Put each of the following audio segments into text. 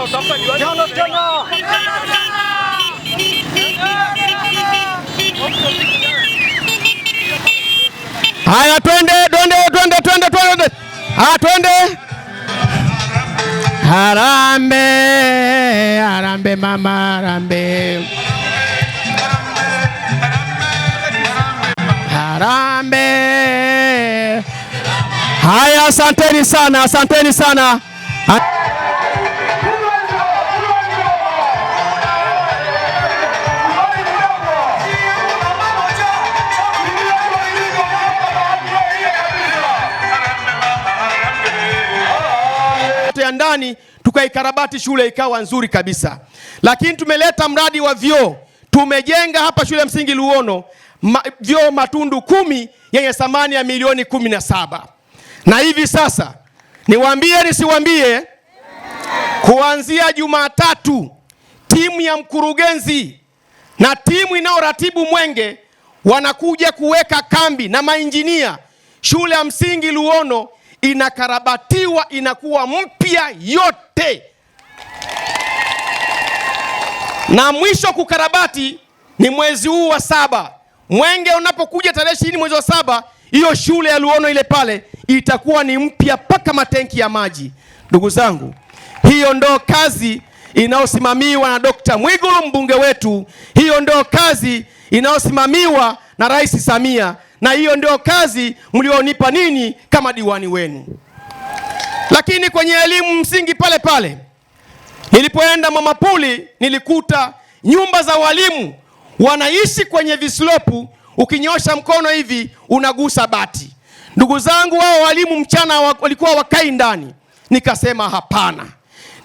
tena utampa diwani jana tena Haya, twende twende twende twende twende, haya twende. Harambe harambe, mama harambe, harambe. Haya, asanteni sana, asanteni sana. ndani tukaikarabati shule ikawa nzuri kabisa. Lakini tumeleta mradi wa vyoo, tumejenga hapa shule msingi Luono ma, vyoo matundu kumi yenye thamani ya milioni kumi na saba na hivi sasa niwaambie nisiwaambie, kuanzia Jumatatu timu ya mkurugenzi na timu inayoratibu mwenge wanakuja kuweka kambi na mainjinia shule ya msingi Luono inakarabatiwa, inakuwa mpya yote. Na mwisho kukarabati ni mwezi huu wa saba. Mwenge unapokuja tarehe ishirini mwezi wa saba, hiyo shule ya Luono ile pale itakuwa ni mpya mpaka matenki ya maji. Ndugu zangu, hiyo ndo kazi inayosimamiwa na dkt Mwigulu mbunge wetu. Hiyo ndo kazi inayosimamiwa na Rais Samia na hiyo ndio kazi mlionipa ninyi kama diwani wenu. Lakini kwenye elimu msingi pale pale, nilipoenda Mwamapuli nilikuta nyumba za walimu wanaishi kwenye vislopu, ukinyosha mkono hivi unagusa bati. Ndugu zangu, wao walimu mchana walikuwa wakai ndani. Nikasema hapana,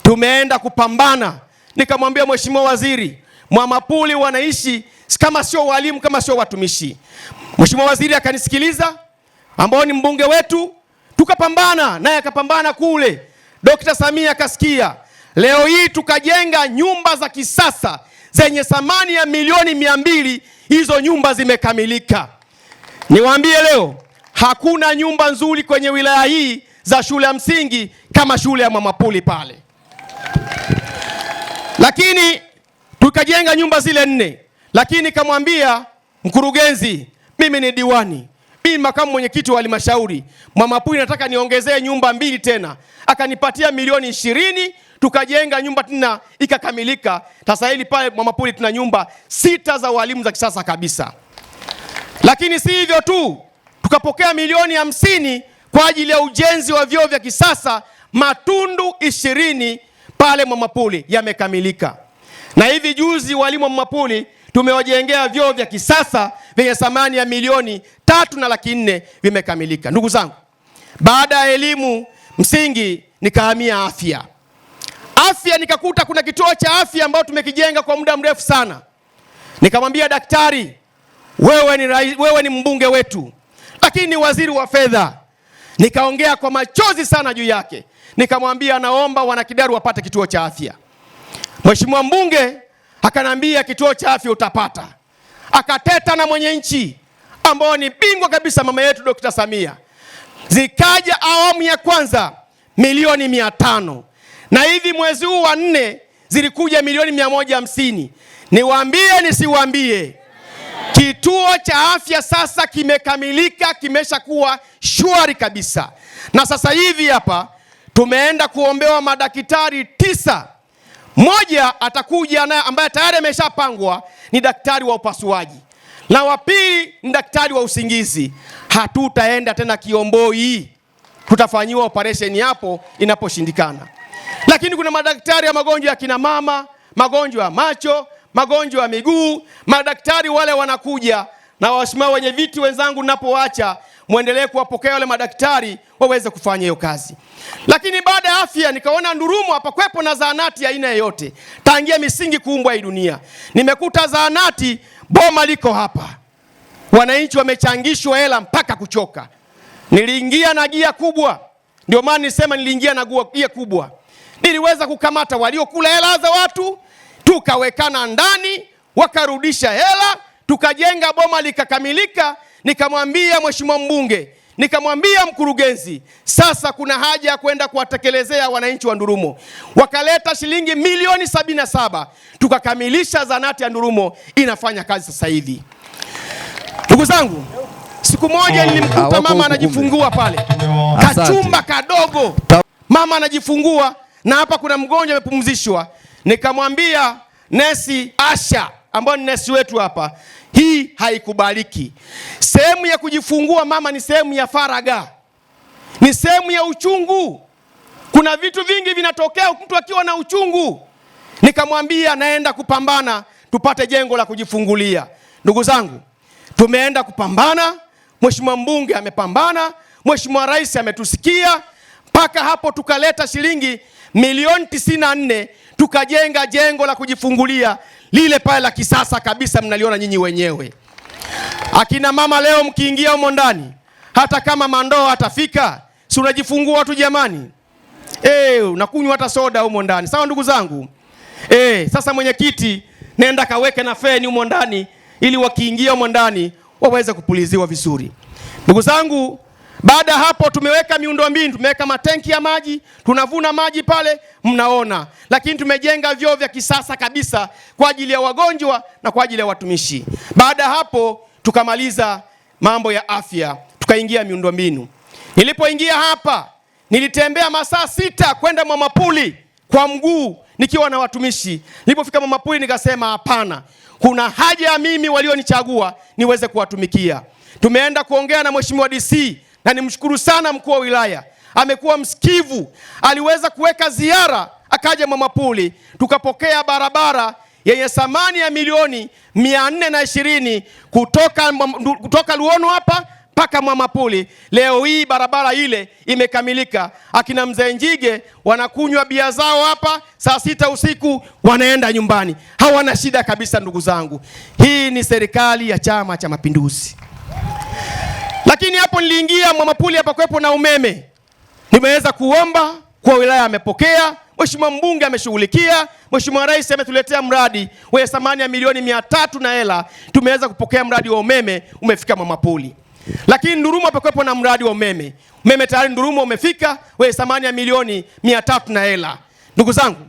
tumeenda kupambana. Nikamwambia mheshimiwa waziri Mwamapuli wanaishi kama sio walimu, kama sio watumishi. Mheshimiwa Waziri akanisikiliza, ambao ni mbunge wetu, tukapambana naye, akapambana kule. Dr. Samia akasikia. Leo hii tukajenga nyumba za kisasa zenye thamani ya milioni mia mbili. Hizo nyumba zimekamilika. Niwaambie leo hakuna nyumba nzuri kwenye wilaya hii za shule ya msingi kama shule ya Mwamapuli pale. Lakini Tukajenga nyumba zile nne, lakini kamwambia mkurugenzi, mimi ni diwani, mimi makamu mwenyekiti wa halmashauri, Mama Pui, nataka niongezee nyumba mbili tena. Akanipatia milioni ishirini tukajenga nyumba tena ikakamilika. Sasa hili pale Mama Pui tuna nyumba sita za walimu za kisasa kabisa. Lakini si hivyo tu, tukapokea milioni hamsini kwa ajili ya ujenzi wa vyoo vya kisasa matundu ishirini pale Mwamapuli yamekamilika. Na hivi juzi walimu wa mapuli tumewajengea vyoo vya kisasa vyenye thamani ya milioni tatu na laki nne vimekamilika. Ndugu zangu, baada ya elimu msingi nikahamia afya. Afya nikakuta kuna kituo cha afya ambao tumekijenga kwa muda mrefu sana. Nikamwambia daktari, wewe ni rais, wewe ni mbunge wetu, lakini ni waziri wa fedha. Nikaongea kwa machozi sana juu yake, nikamwambia naomba wanakidaru wapate kituo cha afya. Mheshimiwa mbunge akanambia kituo cha afya utapata. Akateta na mwenye nchi ambao ni bingwa kabisa, mama yetu Dr. Samia. Zikaja awamu ya kwanza milioni mia tano na hivi mwezi huu wa nne zilikuja milioni mia moja hamsini. Niwaambie nisiwaambie, kituo cha afya sasa kimekamilika, kimeshakuwa shwari kabisa, na sasa hivi hapa tumeenda kuombewa madaktari tisa mmoja atakuja naye ambaye tayari ameshapangwa ni daktari wa upasuaji, na wa pili ni daktari wa usingizi. Hatutaenda tena Kiomboi, tutafanyiwa operesheni hapo inaposhindikana. Lakini kuna madaktari ya magonjwa ya kina mama, magonjwa ya macho, magonjwa ya miguu. Madaktari wale wanakuja na waheshimiwa wenye viti wenzangu, napoacha mwendelee kuwapokea wale madaktari waweze kufanya hiyo kazi, lakini baada afya nikaona Ndurumu kwepo na zahanati ya aina yoyote tangia misingi kuumbwa hii dunia. Nimekuta zahanati boma liko hapa, wananchi wamechangishwa hela mpaka kuchoka. Niliingia na gia kubwa, ndio maana nisema niliingia na gia kubwa. Niliweza kukamata waliokula hela za watu, tukawekana ndani, wakarudisha hela, tukajenga boma likakamilika. Nikamwambia mheshimiwa mbunge Nikamwambia mkurugenzi, sasa kuna haja ya kwenda kuwatekelezea wananchi wa Ndurumo. Wakaleta shilingi milioni sabini na saba tukakamilisha zanati ya Ndurumo inafanya kazi sasa hivi. Ndugu zangu, siku moja oh, nilimkuta mama anajifungua pale kachumba kadogo, mama anajifungua na hapa kuna mgonjwa amepumzishwa, nikamwambia nesi Asha ambao ni nesi wetu hapa, hii haikubaliki. Sehemu ya kujifungua mama ni sehemu ya faraga, ni sehemu ya uchungu. Kuna vitu vingi vinatokea mtu akiwa na uchungu. Nikamwambia naenda kupambana tupate jengo la kujifungulia. Ndugu zangu, tumeenda kupambana. Mheshimiwa mbunge amepambana, Mheshimiwa Rais ametusikia, mpaka hapo tukaleta shilingi milioni 94 tukajenga jengo la kujifungulia lile pale la kisasa kabisa, mnaliona nyinyi wenyewe. Akina mama leo mkiingia humo ndani, hata kama mandoo atafika, si unajifungua tu jamani, e, unakunywa hata soda humo ndani, sawa ndugu zangu e. Sasa mwenyekiti, nenda kaweke na feni humo ndani, ili wakiingia humo ndani waweze kupuliziwa vizuri, ndugu zangu. Baada ya hapo tumeweka miundombinu, tumeweka matenki ya maji, tunavuna maji pale mnaona, lakini tumejenga vyoo vya kisasa kabisa kwa ajili ya wagonjwa na kwa ajili ya watumishi. Baada ya hapo tukamaliza mambo ya afya, tukaingia miundombinu. Nilipoingia hapa nilitembea masaa sita kwenda Mwamapuli kwa mguu nikiwa na watumishi. Nilipofika Mwamapuli nikasema hapana, kuna haja ya mimi walionichagua niweze kuwatumikia. Tumeenda kuongea na mheshimiwa DC na nimshukuru sana mkuu wa wilaya, amekuwa msikivu, aliweza kuweka ziara, akaja Mwamapuli tukapokea barabara yenye thamani ya milioni mia nne na ishirini kutoka, kutoka Luono hapa mpaka Mwamapuli. Leo hii barabara ile imekamilika. Akina mzee Njige wanakunywa bia zao hapa saa sita usiku wanaenda nyumbani, hawana shida kabisa. Ndugu zangu, hii ni serikali ya Chama cha Mapinduzi. Lakini hapo niliingia Mwamapuli, hapakuwepo na umeme. Nimeweza kuomba kwa wilaya, amepokea Mheshimiwa mbunge ameshughulikia, Mheshimiwa Rais ametuletea mradi wenye thamani ya milioni mia tatu na hela, tumeweza kupokea mradi wa umeme umefika Mwamapuli. Lakini Nduruma hapakuwepo na mradi wa umeme, umeme tayari Nduruma umefika wenye thamani ya milioni mia tatu na hela. Ndugu zangu,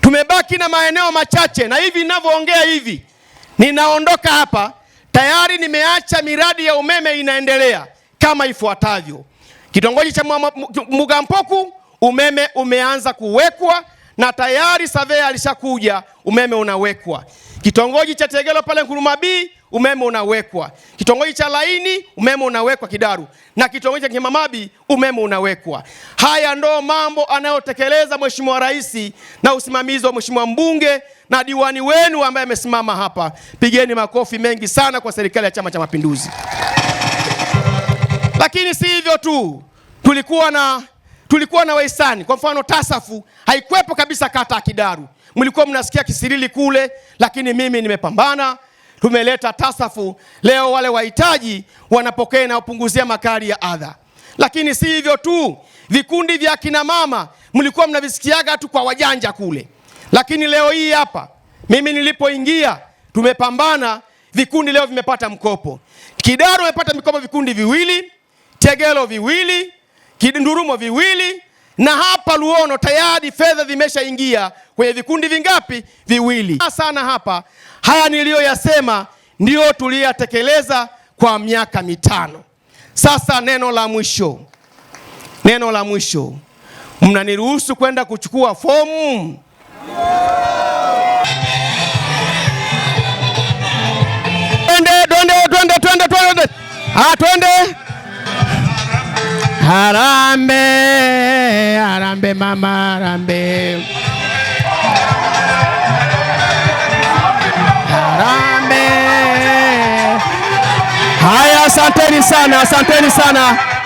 tumebaki na maeneo machache, na hivi ninavyoongea hivi ninaondoka hapa Tayari nimeacha miradi ya umeme inaendelea kama ifuatavyo. Kitongoji cha Mugampoku umeme umeanza kuwekwa na tayari savea alishakuja, umeme unawekwa. Kitongoji cha Tegelo pale Nkuruma B umeme unawekwa kitongoji cha Laini, umeme unawekwa Kidaru, na kitongoji cha Kimamabi umeme unawekwa. Haya ndo mambo anayotekeleza Mheshimiwa Rais na usimamizi wa Mheshimiwa mbunge na diwani wenu ambaye amesimama hapa. Pigeni makofi mengi sana kwa serikali ya Chama cha Mapinduzi. Lakini si hivyo tu, tulikuwa na tulikuwa na wahisani. Kwa mfano, Tasafu haikuwepo kabisa kata ya Kidaru, mlikuwa mnasikia Kisirili kule, lakini mimi nimepambana tumeleta tasafu leo, wale wahitaji wanapokea na upunguzia makali ya adha. Lakini si hivyo tu, vikundi vya kina mama mlikuwa mnavisikiaga tu kwa wajanja kule, lakini leo hii hapa mimi nilipoingia tumepambana, vikundi leo vimepata mkopo. Kidaro amepata mikopo vikundi viwili, Tegelo viwili, Kindurumo viwili na hapa Luono tayari fedha zimeshaingia kwenye vikundi vingapi? Viwili ah, sana. Hapa haya niliyoyasema ndiyo tuliyatekeleza kwa miaka mitano sasa. Neno la mwisho, neno la mwisho, mnaniruhusu kwenda kuchukua fomu? Twende, twende, twende, twende, twende, ah, twende, twende. Harambe arambe mama arambe arambe. Haya, asanteni sana, asanteni sana.